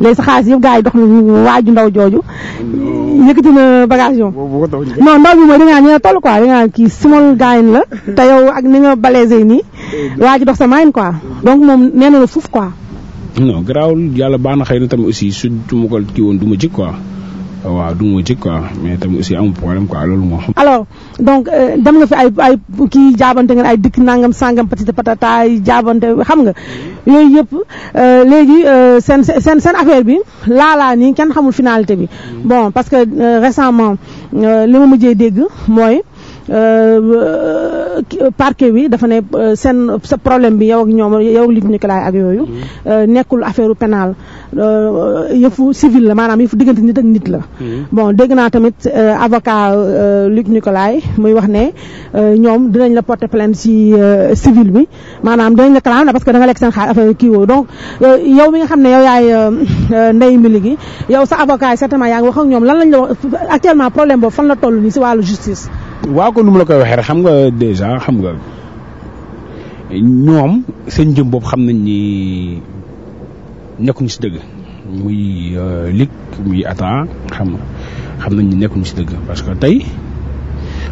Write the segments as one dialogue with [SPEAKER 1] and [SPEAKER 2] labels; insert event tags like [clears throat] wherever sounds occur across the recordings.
[SPEAKER 1] léegi sa xaalis yëpp gars yi dox na waaju ndaw jooju yëkkati na bagage yoom non ndaw bi mooy da ngaa ñu ne toll quoi da ngaa kii small gars la [laughs] te yow ak ni nga balaisé nii waaju dox sa main quoi donc moom nee na la fuuf quoi
[SPEAKER 2] non garaawul yàlla baax na xëy na tamit aussi su ma ko kii woon du ma jik quoi waaw du ma ci quoi mais tamit aussi amul problème quoi loolu moo
[SPEAKER 1] xam. donc euh, dem na fi ay ay kii jaabante ngeen ay dikk nangam sangam patati patata ay jaabante xam nga yooyu yëpp euh, léegi euh, seen seen seen affaire bi laalaa nii kenn xamul finalité bi mm. bon parce que récemment li ma mujjee dégg mooy. Euh, euh, parquet bi dafa ne euh, seen sa problème bi yow ak ñoom yow ak Luc ak yooyu mm-hmm. nekkul affaire pénal yëfu civil la maanaam yëfu diggante nit ak nit la mm-hmm. bon dégg naa tamit avocat Luc Nicolaï muy wax ne ñoom dinañ la porter plainte ci civil bi maanaam dinañ la clamer parce que da nga lekk seen xaar affaire kii wooyu donc yow mi nga xam ne yow yaay ndey mbili gi yow sa avocat yi certainement yaa ngi wax ñoom lan lañ la wax actuellement problème boobu fan la toll
[SPEAKER 2] nii ci wàllu justice waaw ko nu mu la koy waxee rek xam nga déjà xam nga ñoom seen jëm boobu xam nañ ni nekkuñu si dëgg muy euh, lig muy ata xam nga xam nañ ni nekkuñu si dëgg parce que tey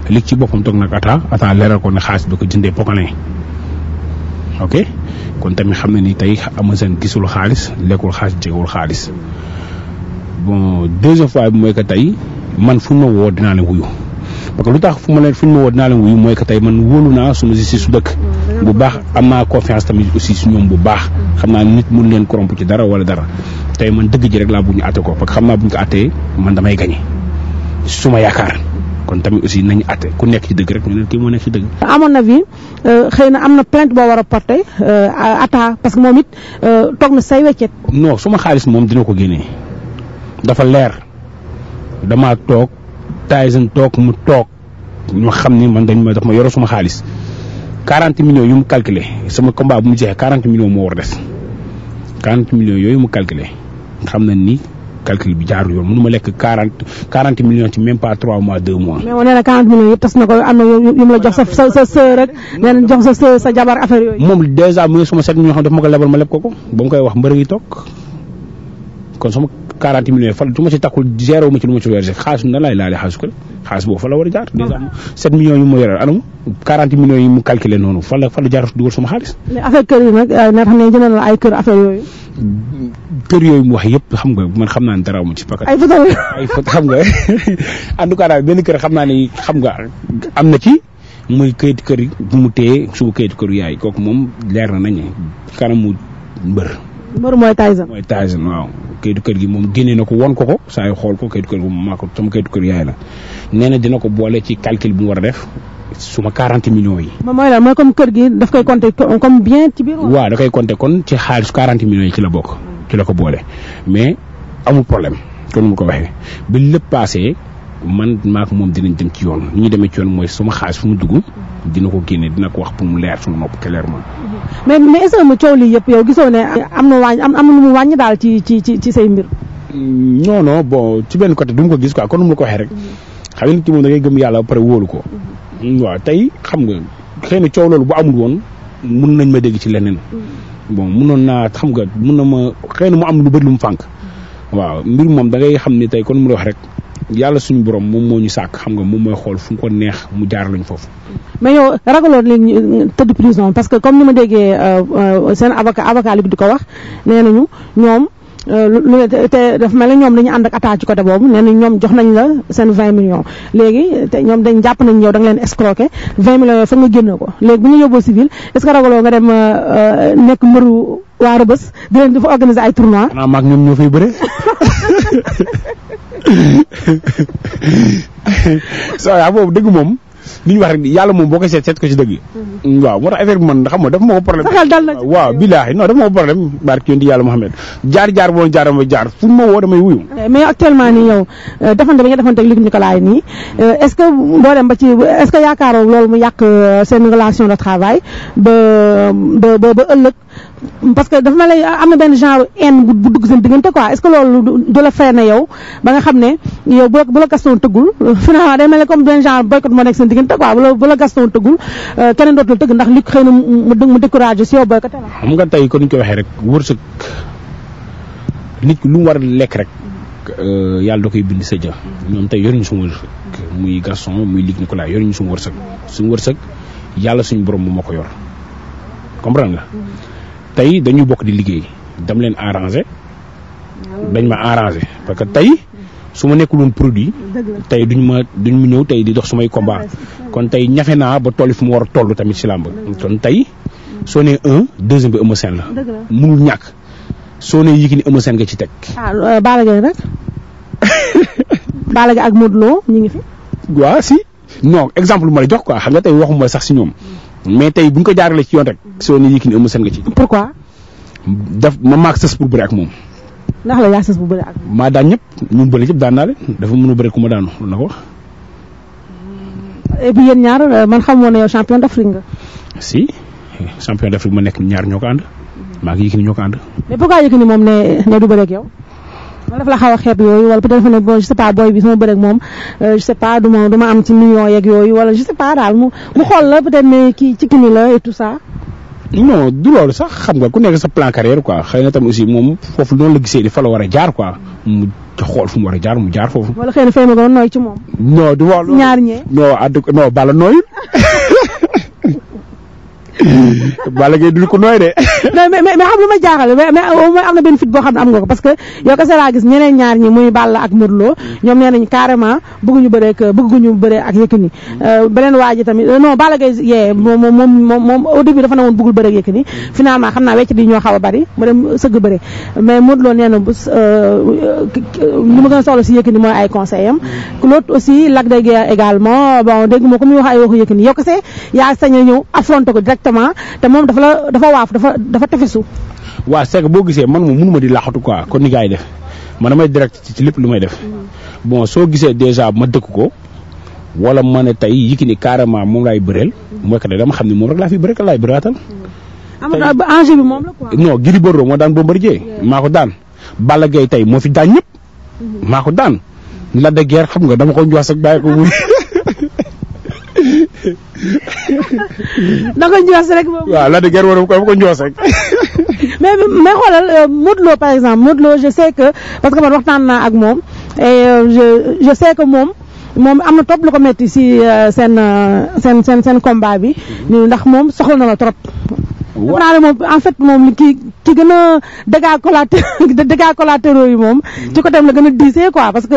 [SPEAKER 2] lig ci boppam toog nag ata ata leeral ko ne xaalis bi ko jëndee pokane ok kon tamit xam na ni tey Amazone gisul xaalis lekkul xaalis jegewul xaalis bon deuxième fois bi mooy que tey man fu ma woo dinaa ne wuyu parce que lu tax fu ma leen fu ñu ma mooy que tey man wóolu naa suma justice su dëkk mm, bu baax am naa confiance tamit aussi su ñoom bu baax mm. xam naa nit mun leen corrompre ci dara wala dara tey man dëgg ji rek laa bu ñu àtte ko parce que xam naa bu man damay gañe suma yaakaar kon tamit aussi nañu àtte ku nekk ci dëgg rek ñu ne kii moo nekk ci dëgg.
[SPEAKER 1] à mon euh, xëy na am na plainte boo war a porté euh, atta parce que moom it euh, toog na say weccet.
[SPEAKER 2] non suma xaalis moom dina ko génnee dafa leer damaa toog. Tyson toog mu toog ñu xam ni man dañ ma daf ma yoro suma xaalis 40 millions yu mu calculé sama combat bu mu jeexee 40 millions moo war des 40 millions yooyu mu calculé xam na ni calcul bi jaarul yoon mënu ma lekk 40 40 millions ci même pas 3 mois 2 mois.
[SPEAKER 1] mais woon nee na 40 millions yëpp tas na ko am na yu la jox sa sa sœur rek sa jabar affaire
[SPEAKER 2] yooyu. moom dèjà mu ngi suma set ñoo xam daf ma ko lebal ma leb ko ko ba mu toog. kon sama 40 millions fa du ma ci ma ci lu ma ci versé xaalis nan laay laale xaalis ko de xaalis boobu a jaar ah. millions yi mu calculé noonu fa la fa la jaar dugal sama xaalis
[SPEAKER 1] euh, na xam ne jëndal ay kër affaire
[SPEAKER 2] yooyu mu wax yëpp xam nga man xam naa ne dara amul ci paquet ay photo ay photo xam nga [laughs] en tout cas daal kër xam naa ne xam nga am na ci muy këyit kër bu mu téye suba këyit këru yaay kooku moom leer na nañu kanamu mbër mbër mooy Tyson. mooy Tyson waaw kayitu kër gi moom génne na ko won ko ko saa yu xool ko kayitu kër gi moom maa ko sama kayitu kër yaay la nee na dina ko boole ci calcul bu mu war a def suma 40 million yi.
[SPEAKER 1] moom mooy lan mooy comme kër gi daf koy compter comme bien ci biir.
[SPEAKER 2] waaw da koy compter kon ci xaalis 40 millions yi ci la bokk. ci la ko boole mais amul problème kon mu ko waxee bi lépp paasee. man maa moom dinañ dem ci yoon ñu demee ci mooy sama xaalis fu mu dugg dina ko génne dina ko wax pour mu leer suma nopp clairement.
[SPEAKER 1] mais mais est-ce que mu coow lii yëpp ne am na wàññi am na lu wàññi daal ci ci ci
[SPEAKER 2] ci say mbir. non non bon ci benn côté du mu ko gis quoi kon nu ma ko waxee rek xam nga nit moom da ngay gëm yàlla pare wóolu ko. Mm-hmm. waaw tey xam nga xëy na coow loolu bu amul woon mun nañ ma dégg ci leneen. Mm-hmm. bon munoon naa xam nga mun na ma xëy na mu am lu bët lu mu fànk. Mm-hmm. waaw mbir moom dangay xam ni tey kon mu la wax rek yàlla suñu boroom moom moo ñu sàkk xam nga moom mooy xool fu mu ko neex mu jaar lañu foofu.
[SPEAKER 1] mais yow ragaloon leen tëdd prison parce que comme ni ma déggee euh, euh, seen avocat avocat li di ko wax nee ñu ñoom euh, lu te dafa mel ne ñoom dañu ànd ak ci côté boobu nee nañ ñoom jox nañ la seen 20 millions léegi te ñoom dañ jàpp nañ yow da nga leen escroqué 20 millions yooyu fa nga génne ko léegi bu ñu yóbboo civil est ce que ragaloo nga dem nekk mbëru waa Rebeuss di leen dafa organiser ay tournois.
[SPEAKER 2] xanaa ñoom ñoo fay bëre. [laughs] [laughs] sooy ah, boobu dëgg moom li ñu wax rek yàlla moom boo ko seet seet ko ci dëgg. Mm-hmm. waaw moo tax affaire bi man xam nga dafa ma ko problème. saxal dal na waaw billaahi non yàlla Muhammad jaar jaar boo jaar ma jaar fu ma woo damay wuyu. Eh, mais actuellement nii yow eh, defante bi nga defante ak Luc Nicolaï nii eh,
[SPEAKER 1] est-ce que doo dem ba ci est-ce que yaakaaroo loolu mu yàq seen relation de travail ba ba ba ëllëg. parce que dafa ma ah, lay am na benn genre haine bu dugg seen diggante quoi est ce que loolu du la freiné yow ba nga xam ne yow bu la Gaston tëggul euh, finalement day mel comme benn genre boycott moo nekk seen diggante quoi bu la bu la Gaston tëggul euh, keneen dootul tëgg ndax li xëy na mu mu découragé si yow boycott la.
[SPEAKER 2] xam nga tey ko ni ñu ko waxee rek wërsëg nit lu mu war a lekk rek. Euh, yàlla da koy bind sa jë ñoom tey yoruñu suñu wërsëg muy Gaston muy Luc Nicolaï yoruñu suñu wërsëg suñu wërsëg yàlla suñu borom moo ko yor comprendre nga. Mm-hmm. tey dañu bokk di liggéey dam leen arrangé dañ ma arrangé parce que tey su ma nekkul woon produit tey duñ ma duñ mu ñëw tey di dox sumay combat kon tey ñafe naa ba toll fu mu war a toll tamit si làmb kon tey soo nee un deuxième la munul ñàkk soo nee Yékini nga ci teg
[SPEAKER 1] ah, euh, Balla Gaye rek [laughs] ak Modou ñu ngi
[SPEAKER 2] si noo exemple ma la jox ko xam nga tey waxuma sax si ñoom mais tey bu ñu ko jaaralee ci yoon rek. soo ne Yékini Eumeu Sène nga ci. pourquoi. daf ma maag sës pour bëri ak moom.
[SPEAKER 1] ndax la yaa sës bu bëri ak
[SPEAKER 2] moom. maa daan ñëpp ñu bëri ñëpp daan naa leen dafa mën a bëri ku ma daanu na ko wax.
[SPEAKER 1] et puis ñaar euh, man xamoon na yow champion d'Afrique nga.
[SPEAKER 2] si champion d'Afrique ma nekk ñaar ñoo ko ànd. maa ngi Yékini ñoo ko ànd.
[SPEAKER 1] mais pourquoi Yékini moom ne du bëri ak man daf la xaw a xeeb yooyu wala peut-être ne bon booy bi sama bërëg moom euh, je sais pas du ma am ci millions yeeg yooyu wala je sais pas daal mu mu xool la peut-être ne kii ci kini la et tout ça.
[SPEAKER 2] du loolu sax xam nga ku nekk sa plan carrière quoi xëy na tam aussi moom foofu noonu la gisee ni fa la war a jaar quoi mu xool fu mu war a jaar mu jaar foofu.
[SPEAKER 1] wala xëy na fay ma ko nooy ci moom.
[SPEAKER 2] non du loolu ñaar ñee. non àdd non bala nooyul. [laughs] [laughs] Balla Gaye du ko nooy de. [laughs]
[SPEAKER 1] mais xam lu ma jaaxale mais mais am na benn fit boo xam ne am nga ko parce que yow laa gis ñeneen ñaar ñi muy Balla ak Modou mm. ñoom nee nañu carrément bëgguñu bëree bëree ak Yékini mm. euh, beneen waa mm. xam naa wecc di ñoo xaw a bari mu dem sëgg bëre mais Modou Lo nee euh, ma gën a soxla si Yékini mooy ay conseil am l'autre aussi Lac de Guiers également bon dégg moo comme ñu wax ay waxu Yékini yow kese yaa sañ a ñëw affronté ko directement ma te moom dafa la dafa waaf dafa dafa tefesu.
[SPEAKER 2] waa c'est boo gisee man moom mënuma di laxatu quoi kon ni gars yi def man damay direct ci lépp lu may def mm. bon soo gisee déjà ma dëkk ko. wala ma ne tey Yékini carrément moom laay bëreel. Mm. mooy que ne dama xam ne moom rek laa fi bëri ka laay bëraatal. Mm.
[SPEAKER 1] Amadou Ba enjeu bi moom la
[SPEAKER 2] quoi. non Gris Bordeaux moo daan maa ko daan Balla Gaye tey moo fi daan ñëpp. Mm-hmm. maa ko daan. Lac de Guiers xam nga dama ko njoos ak bàyyi ko wuy. [laughs]
[SPEAKER 1] [laughs] da ko njoos rek moom.
[SPEAKER 2] waaw Lac de Guiers waroon ko ko njoos rek.
[SPEAKER 1] [laughs] mais mais xoolal euh, Modou Lo par exemple Modou Lo je sais que parce que man waxtaan naa ak moom e je je sais que moom. moom am na topp lu ko metti ci euh, seen seen seen seen combat bi. Mm-hmm. ndax moom soxla na la trop. Ibrahima moom en fait moom ki ki gën a dégâts collatéraux dégâts moom. Mm-hmm. ci côté am la gën a diisee parce que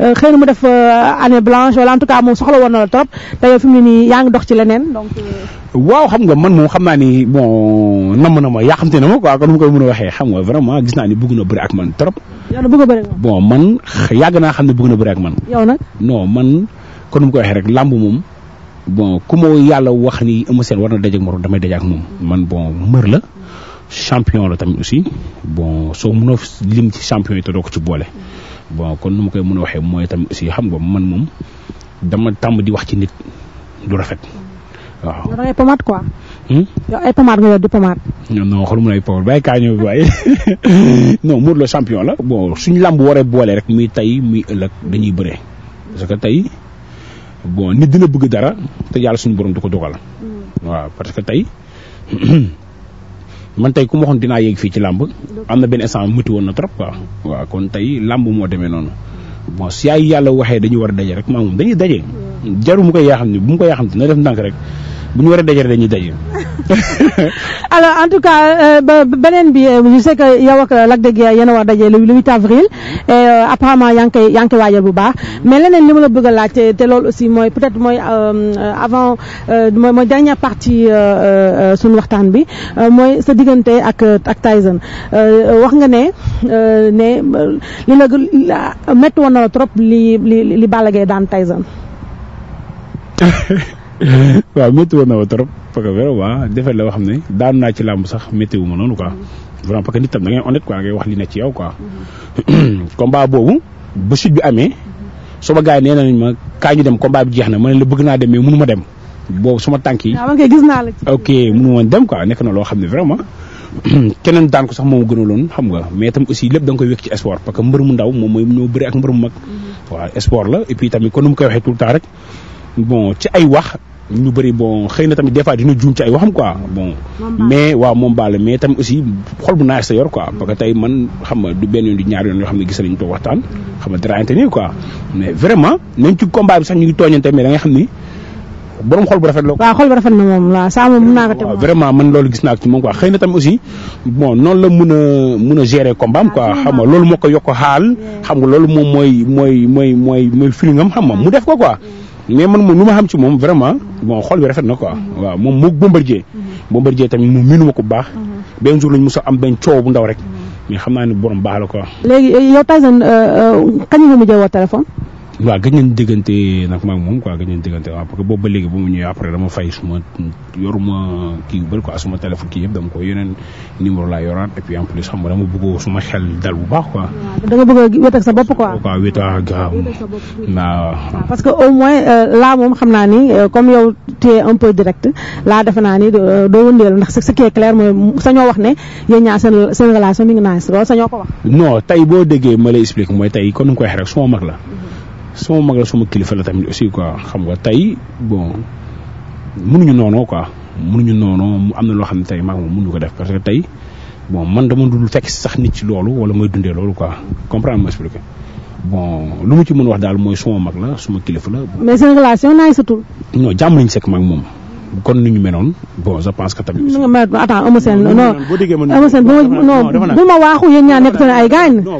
[SPEAKER 1] euh, xëy na mu def euh, année blanche wala en soxla woon na la trop te ngi dox ci leneen donc.
[SPEAKER 2] Euh, waaw xam nga man moom xam naa ni bon namm na ma yaa xam te ne ma quoi kon mu koy mën a waxee xam nga vraiment gis naa ni bëgg na bëri man trop. yow nag bëgg a man. bon yàgg naa xam ne bëgg na bëri ak man. yow nag. non man kon mu koy waxee rek làmb moom. bon ku ma yàlla wax ni Eumeu Sène war na daje ak morom moom man bon mbër la champion la tamit aussi bon soo mënoo lim ci champion yi te doo ko ci boole bon kon nu ma koy mën a waxee mooy tamit aussi xam nga man moom dama tàmm di wax ci nit du rafet waaw.
[SPEAKER 1] da ngay pommade quoi. Hmm? yow ay pommade nga yor di pommade.
[SPEAKER 2] non xool mu ay pommade bàyyi kaa ñëw waaye [laughs] non Modou Lo champion la boo suñu làmb waree boole rek muy tey muy ëllëg dañuy bëree parce que tey. bon nit dina bëgg dara te yàlla suñu borom du ko dogal. Mm. waaw parce que tey [clears throat] man tey ku ma waxoon dinaa yéeg fii ci làmb am na benn instant mëti woon na trop quoi. waaw kon tey làmb moo demee noonu. bon si ay yàlla waxee dañu war a daje rek maa moom dañuy daje. Mm. jaru mu koy yaa xam ne bu mu koy yaa xam ne na def ndànk rek. bu ñu war a dajale dañuy daje. [laughs]
[SPEAKER 1] alors en tout cas euh, ba beneen bi euh, je sais que yow ak Lac de Guiers yéen a war daje le 8 avril mm-hmm. et euh, apparemment yaa ngi koy yaa ngi waajal bu baax mm-hmm. mais leneen li ma la bëgg a laaj te loolu aussi mooy peut-être mooy avant mooy dernière partie suñu waxtaan bi mooy sa diggante ak ak Tyson wax nga ne ne li la métti woon na la trop li li daan Tyson.
[SPEAKER 2] [laughs] [laughs] waaw métti woon na wa trop parce que vraiment defet la wax ne daan naa ci làmb sax métti wu noonu quoi vraiment nit tam da ngay honnête quoi ngay wax li ne ci yow quoi. Mm-hmm. [clears throat] combat boobu ba suite bi amee mm-hmm. sama gars yi nee nañ ma kaa ñu dem combat bi jeex na ma la bëgg naa demee mais mënu ma dem boobu suma tànk yi. waaw ah,
[SPEAKER 1] man kay gis naa la
[SPEAKER 2] ci. ok mënu dem quoi nekk na loo xam ne vraiment. [clears throat] keneen daan ko sax moom gënaloon xam nga mais itam aussi lépp da nga koy wékk ci sport parce que mbër mu ndaw moom mooy ñoo bëri ak mbër mm-hmm. la et puis tamit kon nu mu koy waxee tout le bon ci ay wax ñu bëri bon xëy na tamit des fois dina juum ci ay waxam quoi bon. mais waaw moom baal mais tam aussi xol bu naaj sa yor parce que tey man xam nga du benn yoon du yoo xam ne gis nañu toog waxtaan. xam nga dara nii quoi mais vraiment même ci combat bi sax ñu ngi tooñante mais da nga xam ni borom xol bu rafet la. waaw xol rafet na moom waaw saa moom mën naa ko témoin man loolu gis naa ko ci moom quoi xëy na tamit aussi bon noonu la mun a mën a gérer combat am quoi ah, loolu moo ko yokk xaal xam nga loolu moom mooy mooy mooy mooy mooy feeling am xam mu def ko quoi mais man moom nu ma xam ci moom vraiment mm-hmm. bon xol bi rafet na ko mm-hmm. waaw moom moo Bombardier mm-hmm. Bombardier tamit mu miinu ma ko bu baax benn jour lañ mos a am benn coow bu ndaw rek mais xam naa ne borom baax la quoi.
[SPEAKER 1] léegi yow Tyson euh, euh, kañ ma mujjee woo téléphone.
[SPEAKER 2] waa gëj nañ diggante nag maag moom quoi gëj diggante waaw que boobu ba léegi ba mu ñëwee après dama fay suma yoruma kii yu bëri quoi suma téléphone kii yëpp dama ko yeneen numéro laa yoraat et puis en plus xam nga dama bëgg suma xel dal bu baax quoi.
[SPEAKER 1] da nga bëgg a bopp quoi.
[SPEAKER 2] waaw parce que
[SPEAKER 1] au moins euh, laa moom xam naa ni euh, comme yow tu es un direct laa defe naa ni euh, doo wëndeelu ndax ce qui est mooy sañoo wax ne yéen ñaar seen seen relation mi ngi naan loolu sañoo ko wax.
[SPEAKER 2] non tey boo déggee ma lay explique mooy tey kon nu nga ko waxee rek suma mag la. Mm-hmm. sama mag la sama kilifa la tamit aussi quoi xam nga tey bon mënuñu noonoo quoi munuñu noonoo mu am na loo xam ne tey mag moom mënuñu ko def parce que tey bon man dama dul fekk sax nit ci loolu wala may dundee loolu quoi comprendre ma expliqué bon lu mu ci mën wax daal mooy suma mag la suma kilifa la.
[SPEAKER 1] mais seen relation naay sutul.
[SPEAKER 2] non jàmm lañ sekk mag moom. kon nu ñu menoon bon je pense que tamit. non mais attends Eumeu Sène bu ma waaxu yéen ñaa nekk ay gaañ. non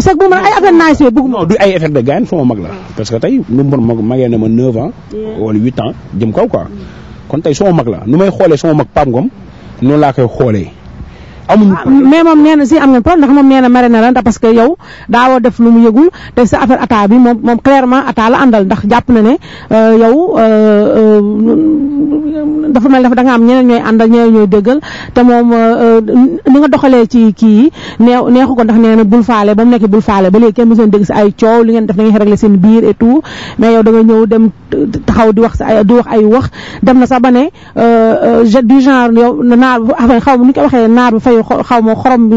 [SPEAKER 2] c'est bu ma ay affaire naaj see bëgg. non du ay effet de gaañ fu ma mag la ah. parce que tey nu mu ma magee na ma 9 ans. wala 8 ans jëm kaw quoi. Mm. kon tey suma mag la nu may xoolee suma mag Pape Ngom noonu laa koy xoolee. amuñu ah, mais moom nee si am ngeen problème ndax moom nee na mere na la parce que
[SPEAKER 1] yow daawoo def lu mu yëgul te sa affaire ataa bi moom moom clairement ataa la àndal ndax jàpp na ne euh, yow euh, euh, dafa mel dafa da nga am ñeneen ñooy àndal ñeneen ñooy déggal te moom ni nga doxalee ci kii neew neexu ko ndax nee na bul faale ba mu nekk bul faale ba léegi kenn mu seen dégg si ay coow li ngeen def na ngeen régler seen biir et tout mais yow da nga ñëw dem taxaw di wax sa ay di wax ay wax dem na sax ba ne du genre yow naar bu xaw ni ko waxee yu xaw ma xorom bi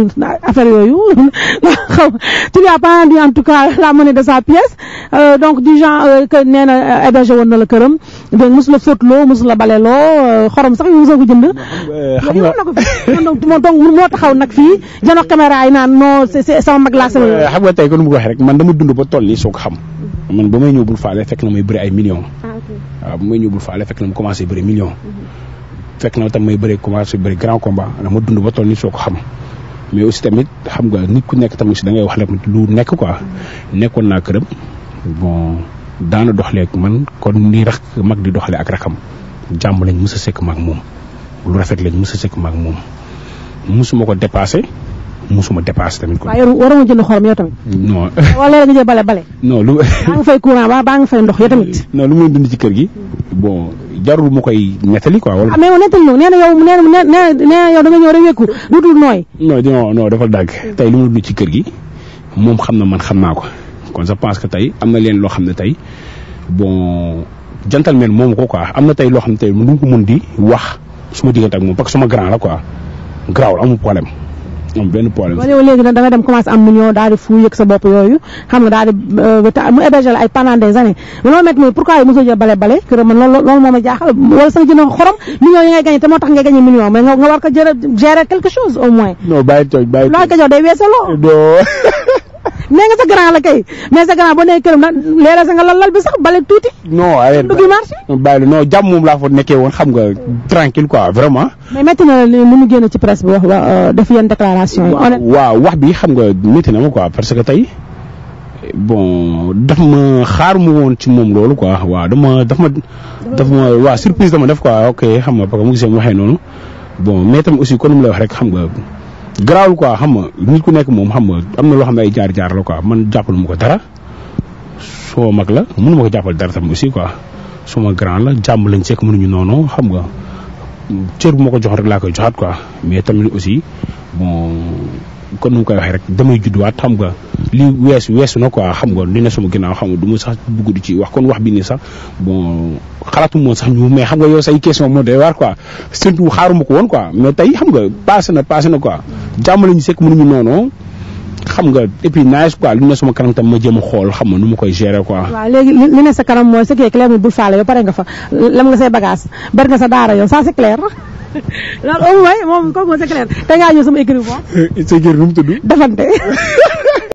[SPEAKER 1] affaire yooyu [laughs] xaw tu lui as pas en tout cas [laughs] la monnaie de sa pièce euh, donc di genre euh, que nee na euh, hébergé woon na la këram dégg mosu la fóotloo mosu la baleloo xorom sax yu mosoo ko jënd. xam nga donc moo taxaw nag fii janox caméra yi naan non c'est sama mag laa sama.
[SPEAKER 2] xam nga tey kon mu waxee rek man dama dund ba toll nii soo ko xam. man ba may ñëw bul faale fekk na may bëri ay million ah, waaw bu may ñëw bul faale fekk na mu commencé bëri millions. Mm-hmm. fekk na tam may bëri commencé bëri grand combat dama dund ba toll ni soo ko xam mais aussi tamit xam nga nit ku nekk tamit si da ngay wax rek lu nekk ko nekkoon naa këram bon daana doxaleeg man kon ni rax mag di doxalee ak rakam jàmm lañ mës a sekk maag moom lu rafet lañ mës a sekk maag moom mësuma ko dépassé musuma dépassé tamit.
[SPEAKER 1] waaw yow waroo jënd xorom yow tamit. non [laughs] wala nga ndox
[SPEAKER 2] yow tamit. [laughs] lu muy dund ci kër gi. bon jarul mu koy nettali quoi. wala ah
[SPEAKER 1] mais yow nettali ñu nee na yow nee
[SPEAKER 2] na nee dafa dàgg. tey lu mu ci kër gi moom xam na man xam naa ko kon je que tey am na leen loo xam ne tey bon gentleman moomu ko quoi am na tey loo xam ne tey du ko mun di wax suma diggante ak moom parce que suma grand la quoi garaawul amul problème. am benn problème. wala
[SPEAKER 1] yow am million daal di fu sa bopp yooyu xam nga euh, mu héberger ay pendant des années loolu métti mooy pourquoi yow mosoo bale bale kër man loolu loolu moo jaaxal wala sax jënd xorom million yi ngay gagné te moo tax ngay gagné million mais nga war ko jël quelque chose au moins.
[SPEAKER 2] non bàyyi toog bàyyi loo [laughs]
[SPEAKER 1] nee nga sa grand la kay mais sa grand boo nee sa nga lal lal bi sax bale tuuti.
[SPEAKER 2] non ay dugg marché. bàyyi non jàmm moom laa fa nekkee woon xam nga tranquille quoi vraiment.
[SPEAKER 1] mais na mu nu génn ci presse bi wax euh, def yenn déclaration yi.
[SPEAKER 2] waaw wax bi xam nga métti na ko quoi que tey. bon daf ma xaar mu woon ci moom loolu quoi waaw dama daf ma daf ma waaw surprise dama def quoi ok xam nga parce mu gisee waxee noonu bon mais tam aussi kon mu la wax rek xam nga. garaawul quoi xam nga nit ku nekk moom xam nga am na loo xam ne ay jaar jaar la quoi man jàppalu ma ko dara soo mag la mënu ma ko jàppal dara tam aussi quoi suma grand la jàmm lañ sekk ñu noonu xam nga cër bu ma ko jox rek laa koy joxaat quoi mais tamit aussi kon nu mu koy waxee rek damay judduwaat xam nga li wees weesu na quoi xam nga li ne sama ginnaaw xam nga du ma sax bëgg du ci wax kon wax bi nii sax xalaatu moon sax ñu mais xam nga yow say question moo de waar quoi surtout xaaruma ko woon quoi mais tey xam nga passé na passé na quoi jàmm lañu sekk mënuñu noonu xam nga et puis nice quoi lu ne sama kanam tam ma jëm a xool xam nga nu ma koy gérer quoi.
[SPEAKER 1] waaw léegi li ne sa kanam mooy ce qui est bul faale yow pare nga fa lam nga say bagage bari nga sa daara yow ça c'est clair. loolu au moins moom kooku moom c'est clair tey ngaa ñëw sama écrit bu baax. Eh, sa écrit nu [laughs]